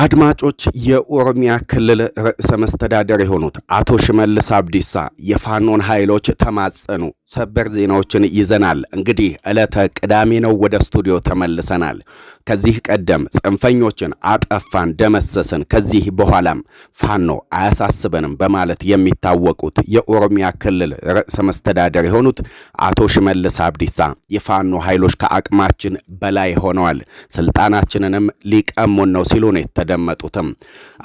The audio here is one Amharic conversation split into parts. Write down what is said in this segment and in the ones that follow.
አድማጮች የኦሮሚያ ክልል ርዕሰ መስተዳደር የሆኑት አቶ ሽመልስ አብዲሳ የፋኖን ኃይሎች ተማጸኑ። ሰበር ዜናዎችን ይዘናል። እንግዲህ ዕለተ ቅዳሜ ነው፣ ወደ ስቱዲዮ ተመልሰናል። ከዚህ ቀደም ጽንፈኞችን አጠፋን፣ ደመሰስን፣ ከዚህ በኋላም ፋኖ አያሳስበንም በማለት የሚታወቁት የኦሮሚያ ክልል ርዕሰ መስተዳደር የሆኑት አቶ ሽመልስ አብዲሳ የፋኖ ኃይሎች ከአቅማችን በላይ ሆነዋል፣ ስልጣናችንንም ሊቀሙን ነው ሲሉ ነው የተደመጡትም።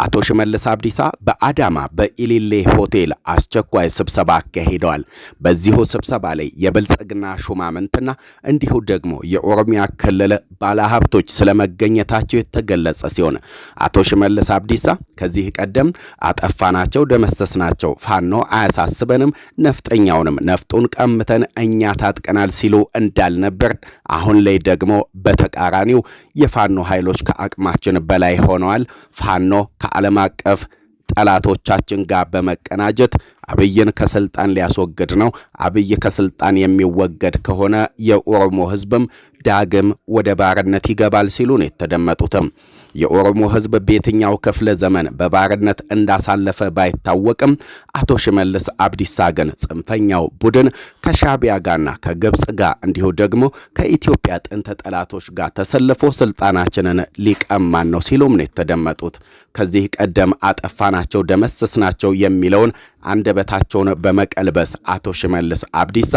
አቶ ሽመልስ አብዲሳ በአዳማ በኢሊሌ ሆቴል አስቸኳይ ስብሰባ አካሂደዋል። በዚሁ ስብሰባ ላይ የብልጽግና ሹማምንትና እንዲሁ ደግሞ የኦሮሚያ ክልል ባለሀብቶች ኃላፊዎች ስለመገኘታቸው የተገለጸ ሲሆን አቶ ሽመልስ አብዲሳ ከዚህ ቀደም አጠፋናቸው፣ ደመሰስናቸው፣ ፋኖ አያሳስበንም፣ ነፍጠኛውንም ነፍጡን ቀምተን እኛ ታጥቀናል ሲሉ እንዳልነበር፣ አሁን ላይ ደግሞ በተቃራኒው የፋኖ ኃይሎች ከአቅማችን በላይ ሆነዋል። ፋኖ ከዓለም አቀፍ ጠላቶቻችን ጋር በመቀናጀት አብይን ከስልጣን ሊያስወግድ ነው። አብይ ከስልጣን የሚወገድ ከሆነ የኦሮሞ ህዝብም ዳግም ወደ ባርነት ይገባል ሲሉ ነው የተደመጡትም። የኦሮሞ ሕዝብ በየትኛው ክፍለ ዘመን በባርነት እንዳሳለፈ ባይታወቅም አቶ ሽመልስ አብዲሳ ግን ጽንፈኛው ቡድን ከሻቢያ ጋርና ከግብፅ ጋር እንዲሁ ደግሞ ከኢትዮጵያ ጥንት ጠላቶች ጋር ተሰልፎ ስልጣናችንን ሊቀማን ነው ሲሉም ነው የተደመጡት። ከዚህ ቀደም አጠፋናቸው፣ ደመሰስናቸው የሚለውን አንደበታቸውን በመቀልበስ አቶ ሽመልስ አብዲሳ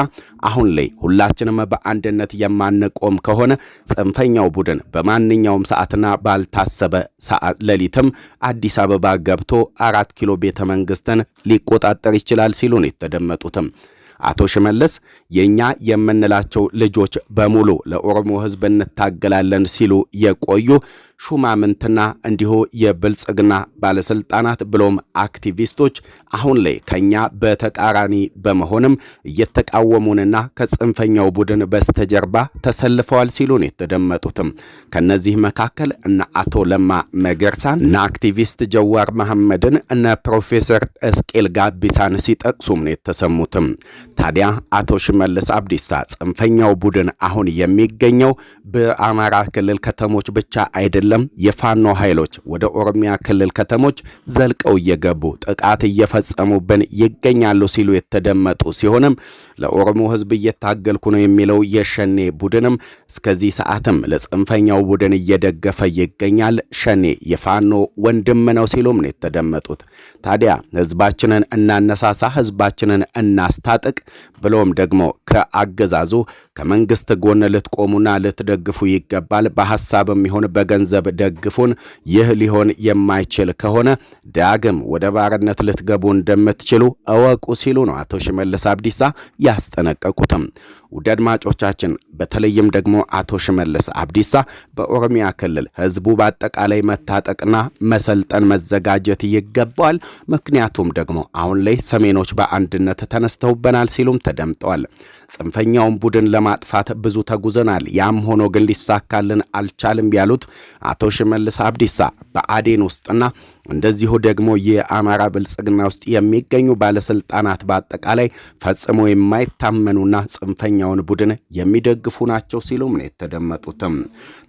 አሁን ላይ ሁላችንም በአንድነት የማንቆም ከሆነ ጽንፈኛው ቡድን በማንኛውም ሰዓትና ባልታሰበ ሰዓት ሌሊትም አዲስ አበባ ገብቶ አራት ኪሎ ቤተ መንግስትን ሊቆጣጠር ይችላል ሲሉ ነው የተደመጡትም። አቶ ሽመልስ የኛ የምንላቸው ልጆች በሙሉ ለኦሮሞ ህዝብ እንታገላለን ሲሉ የቆዩ ሹማምንትና እንዲሁ የብልጽግና ባለስልጣናት ብሎም አክቲቪስቶች አሁን ላይ ከኛ በተቃራኒ በመሆንም እየተቃወሙንና ከጽንፈኛው ቡድን በስተጀርባ ተሰልፈዋል ሲሉ ነው የተደመጡትም። ከነዚህ መካከል እነ አቶ ለማ መገርሳን እነ አክቲቪስት ጀዋር መሐመድን እነ ፕሮፌሰር እስቄል ጋቢሳን ሲጠቅሱም ነው የተሰሙትም። ታዲያ አቶ ሽመልስ አብዲሳ ጽንፈኛው ቡድን አሁን የሚገኘው በአማራ ክልል ከተሞች ብቻ አይደለም አይደለም የፋኖ ኃይሎች ወደ ኦሮሚያ ክልል ከተሞች ዘልቀው እየገቡ ጥቃት እየፈጸሙብን ይገኛሉ ሲሉ የተደመጡ ሲሆንም ለኦሮሞ ሕዝብ እየታገልኩ ነው የሚለው የሸኔ ቡድንም እስከዚህ ሰዓትም ለጽንፈኛው ቡድን እየደገፈ ይገኛል። ሸኔ የፋኖ ወንድም ነው ሲሉም ነው የተደመጡት። ታዲያ ሕዝባችንን እናነሳሳ፣ ሕዝባችንን እናስታጥቅ ብሎም ደግሞ ከአገዛዙ ከመንግስት ጎን ልትቆሙና ልትደግፉ ይገባል። በሐሳብም ይሁን በገንዘብ ደግፉን። ይህ ሊሆን የማይችል ከሆነ ዳግም ወደ ባርነት ልትገቡ እንደምትችሉ እወቁ ሲሉ ነው አቶ ሽመልስ አብዲሳ ያስጠነቀቁትም። ውድ አድማጮቻችን፣ በተለይም ደግሞ አቶ ሽመልስ አብዲሳ በኦሮሚያ ክልል ህዝቡ በአጠቃላይ መታጠቅና መሰልጠን መዘጋጀት ይገባዋል፣ ምክንያቱም ደግሞ አሁን ላይ ሰሜኖች በአንድነት ተነስተውበናል ሲሉም ተደምጠዋል። ጽንፈኛውን ቡድን ለማጥፋት ብዙ ተጉዘናል። ያም ሆኖ ግን ሊሳካልን አልቻልም ያሉት አቶ ሽመልስ አብዲሳ በአዴን ውስጥና እንደዚሁ ደግሞ የአማራ ብልጽግና ውስጥ የሚገኙ ባለስልጣናት በአጠቃላይ ፈጽሞ የማይታመኑና ጽንፈኛውን ቡድን የሚደግፉ ናቸው ሲሉም ነው የተደመጡትም።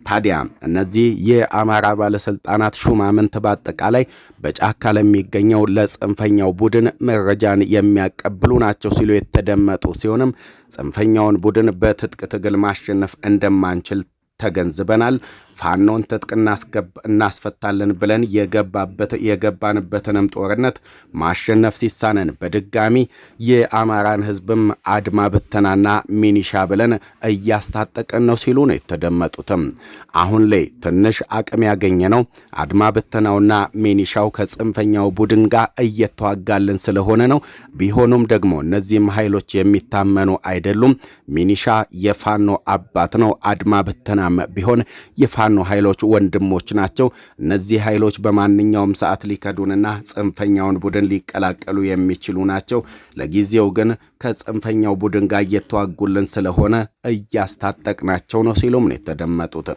ታዲያ እነዚህ የአማራ ባለስልጣናት ሹማምንት በአጠቃላይ በጫካ ለሚገኘው ለጽንፈኛው ቡድን መረጃን የሚያቀብሉ ናቸው ሲሉ የተደመጡ ሲሆንም ጽንፈኛውን ቡድን በትጥቅ ትግል ማሸነፍ እንደማንችል ተገንዝበናል ፋኖን ትጥቅ እናስፈታለን ብለን የገባንበትንም ጦርነት ማሸነፍ ሲሳነን በድጋሚ የአማራን ህዝብም አድማ ብተናና ሚኒሻ ብለን እያስታጠቅን ነው ሲሉ ነው የተደመጡትም። አሁን ላይ ትንሽ አቅም ያገኘ ነው አድማ ብተናውና ሚኒሻው ከጽንፈኛው ቡድን ጋር እየተዋጋልን ስለሆነ ነው። ቢሆኑም ደግሞ እነዚህም ኃይሎች የሚታመኑ አይደሉም። ሚኒሻ የፋኖ አባት ነው። አድማ ብተናም ቢሆን የፋ የፋኖ ኃይሎች ወንድሞች ናቸው። እነዚህ ኃይሎች በማንኛውም ሰዓት ሊከዱንና ጽንፈኛውን ቡድን ሊቀላቀሉ የሚችሉ ናቸው። ለጊዜው ግን ከጽንፈኛው ቡድን ጋር እየተዋጉልን ስለሆነ እያስታጠቅናቸው ነው ሲሉም ነው የተደመጡት።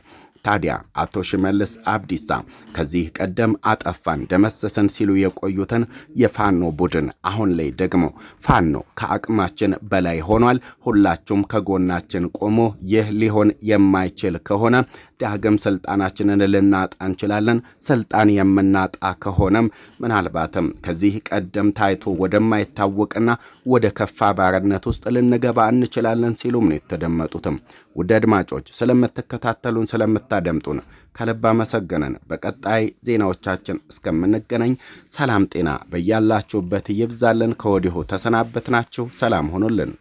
ታዲያ አቶ ሽመልስ አብዲሳ ከዚህ ቀደም አጠፋን ደመሰሰን ሲሉ የቆዩትን የፋኖ ቡድን አሁን ላይ ደግሞ ፋኖ ከአቅማችን በላይ ሆኗል፣ ሁላችሁም ከጎናችን ቆሞ ይህ ሊሆን የማይችል ከሆነ ዳግም ስልጣናችንን ልናጣ እንችላለን። ስልጣን የምናጣ ከሆነም ምናልባትም ከዚህ ቀደም ታይቶ ወደማይታወቅና ወደ ከፋ ባርነት ውስጥ ልንገባ እንችላለን ሲሉም ነው የተደመጡትም። ውድ አድማጮች ስለምትከታተሉን ስለምታደምጡን ከልብ አመሰገንን። በቀጣይ ዜናዎቻችን እስከምንገናኝ ሰላም ጤና በያላችሁበት ይብዛልን ከወዲሁ ተሰናበትናችሁ። ሰላም ሆኑልን።